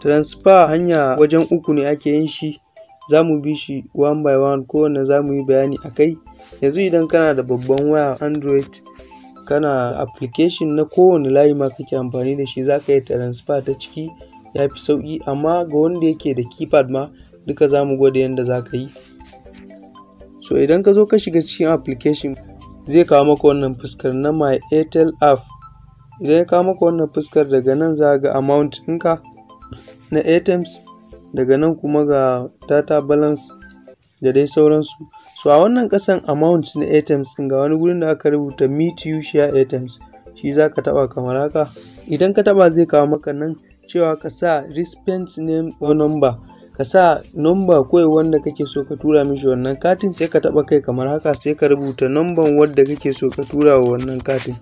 transfer hanya wajen uku ne ake yin shi za mu bi shi one by one kowanne za mu yi bayani a kai yanzu idan kana da babban waya android kana application na kowane layi ma kake amfani da shi za ka yi transfer ta ciki ya fi sauƙi amma ga wanda yake da keypad ma duka za mu gwada yadda za ka yi so idan ka zo ka shiga cikin application zai kawo maka wannan fuskar na my airtel app idan ya kawo maka wannan fuskar daga nan za ga amount ɗinka na atoms e daga nan kuma ga data balance da dai sauransu so a wannan kasan amount na atoms e ga wani gurin da aka rubuta meet you share atoms e shi za ka taba kamar haka idan ka taba zai kawo maka nan cewa ka sa recipient name or number ka sa number kawai wanda kake so ka tura mishi wannan katin sai ka taba kai kamar haka sai ka rubuta number wadda kake so ka tura wa wannan katin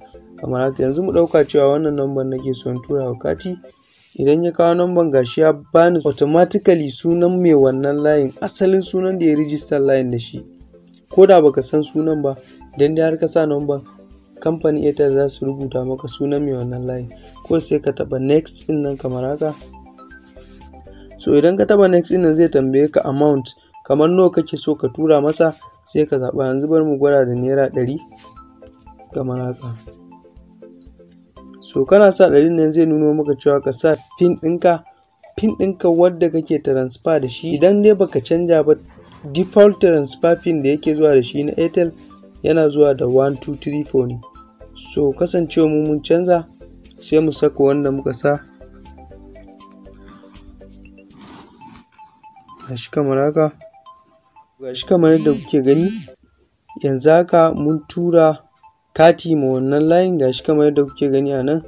kamar haka yanzu mu dauka cewa wannan number nake so in kati idan ya kawo namban gashi ya bani automatically sunan mai wannan layin asalin sunan da ya register layin da shi ko da baka san sunan ba idan dai har ka sa namban kamfani airtel za su rubuta maka sunan mai wannan layin ko sai ka taba next din nan kamar haka so idan ka taba next din nan zai tambaye ka amount kamar nawa kake so ka tura masa sai ka zaba yanzu bari mu gwada da naira ɗari kamar haka so kana sa ɗarin nan zai nuno maka cewa ka sa pin ɗinka pin ɗinka wadda kake transfer da shi idan dai baka canja ba default transfer pin da yake zuwa da shi na airtel yana zuwa da 1234 ne so kasancewa mu mun canza sai mu saka wanda muka sa gashi kamar haka gashi kamar yadda kuke gani yanzu haka mun tura kati ma wannan layin gashi kamar yadda kuke gani a nan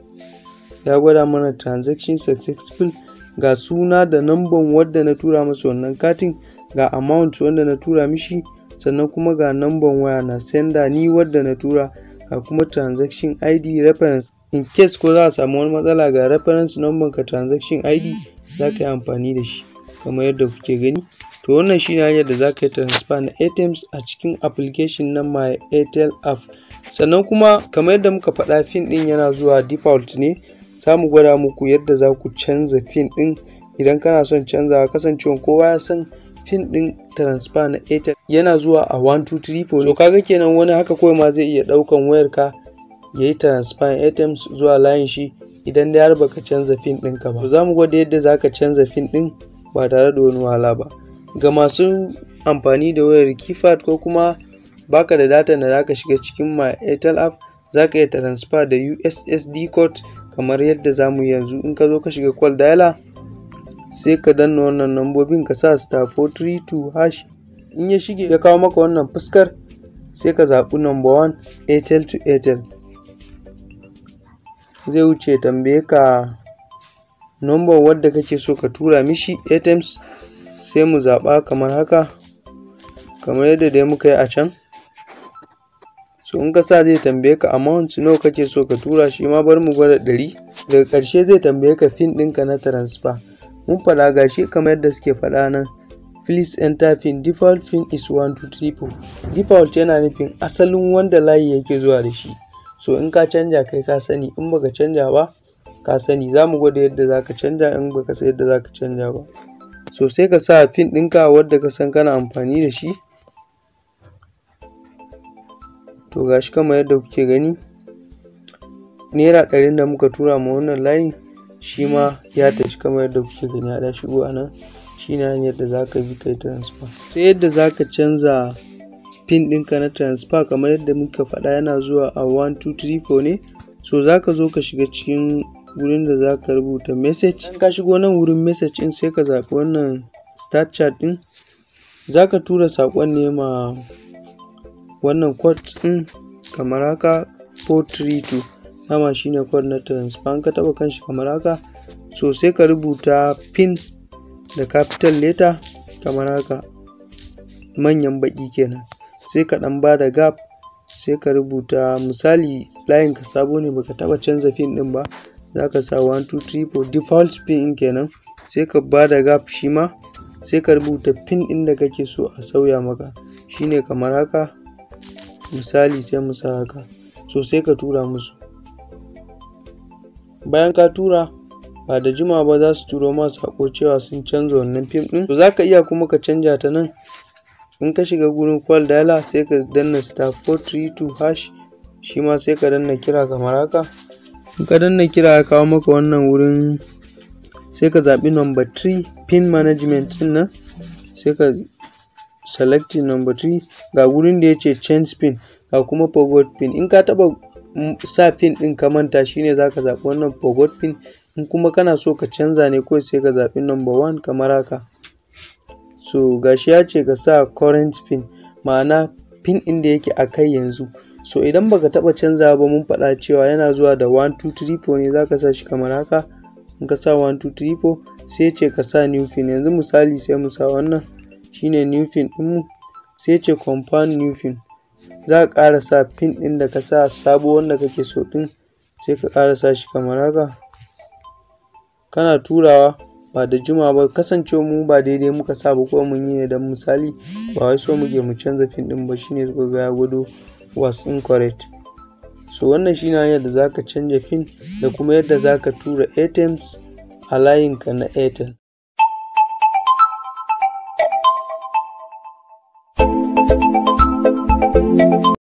ya gwada mana transaction successful ga suna da number wadda na tura masa wannan katin ga amount wanda na tura mishi sannan kuma ga namban waya na sender ni wadda na tura ga kuma transaction id reference in case ko za a samu wani matsala ga reference number ka transaction id za ka yi amfani da shi kamar yadda kuke gani to wannan shine hanyar da zaka yi transfer na ATMs a cikin application na my Airtel app sannan kuma kamar yadda muka faɗa pin ɗin yana zuwa default ne za mu gwada muku yadda za ku canza pin ɗin idan kana son canzawa kasancewa kowa ya san pin ɗin transfer na Airtel yana zuwa a 1234 to kaga kenan wani haka kawai ma zai iya ɗaukan ka ya yi transfer ATMs zuwa layin shi idan dai har baka canza pin ɗinka ba. Za mu gwada yadda za ka canza pin ɗin ba tare da wani wahala ba ga masu amfani da wayar keypad ko kuma baka da data da zaka shiga cikin my airtel app zaka iya transfer da ussd code kamar yadda zamu yanzu in ka zo ka shiga call dialer sai ka danna wannan nambobin ka sa star 432 hash in ya shige ya kawo maka wannan fuskar sai ka zaɓi number 1 airtel to airtel zai wuce tambaye ka number wadda kake so ka tura mishi items sai mu zaba kamar haka kamar yadda dai muka yi a can so in ka sa zai tambaye ka amount nawa kake so ka tura shi ma bar mu gwada ɗari daga karshe zai tambaye ka fin ɗinka na transfer mun faɗa gashi kamar yadda suke faɗa nan please enter pin default pin is 1234 default yana nufin asalin wanda layi yake zuwa da shi so in ka canja kai ka sani in baka canja ba ka sani za mu gwada yadda za ka canja in ba ka san yadda za ka canja ba so sai ka sa fin ɗinka wadda ka san kana amfani da shi to ga shi kama yadda kuke gani naira ɗarin da muka tura ma wannan layi shi ma ya tashi kama yadda kuke gani ya shigo a nan shi ne hanyar da za ka bi kai transfer sai yadda za ka canza pin ɗinka na transfer kamar yadda muka faɗa yana zuwa a 1234 ne so za ka zo ka shiga cikin wurin da za ka rubuta message ka shigo nan wurin message ɗin sai ka zaɓi wannan start chat ɗin za ka tura saƙon ne ma wannan code ɗin kamar haka 432 dama shine code na transfer in ka taɓa kanshi kamar haka so sai ka rubuta pin da capital letter kamar haka manyan baƙi kenan sai ka ɗan ba da gap sai ka rubuta misali layin ka sabo ne baka taɓa canza pin ɗin ba za ka sa 1 2 3 4 default pin in kenan sai ka ba da gap shi ma sai ka rubuta pin ɗin da kake so a sauya maka shine kamar haka misali sai mu sa haka so sai ka tura musu bayan ka tura ba da jimawa ba za su turo ma sako cewa sun canza wannan fim ɗin to zaka iya kuma ka canja ta nan in ka shiga gurin kwal dialer sai ka danna star 432 hash shi ma sai ka danna kira kamar haka in ka danna kira ya kawo maka wannan wurin sai ka zaɓi number 3 pin management din nan sai ka select number 3 ga wurin da ya ce change pin ga kuma forgot pin in ka taɓa sa pin ɗin ka manta shine za ka zaɓi wannan forgot pin in kuma kana so ka canza ne kawai sai ka zabi number 1 kamar haka so gashi ya ce ka sa current pin ma'ana pin ɗin da yake a kai yanzu so idan baka taba canza ba mun faɗa cewa yana zuwa da 1234 2 3 4 ne zaka sa shi kamar haka in ka sa 1234 sai ce ka sa new fin yanzu misali sai mu sa wannan shine new fin mu sai ce compound new fin za ka ƙara sa pin ɗin da ka sa sabo wanda kake so ɗin sai ka ƙara sa shi kamar haka kana turawa ba da juma ba kasancewa mu ba daidai muka sa ba ko mun yi ne don misali ba wai so muke mu canza fin ɗin ba shine kuka ga ya was incorrect so wannan shine hanyar da zaka canja pin da kuma yadda za ka tura atoms a layinka na airtel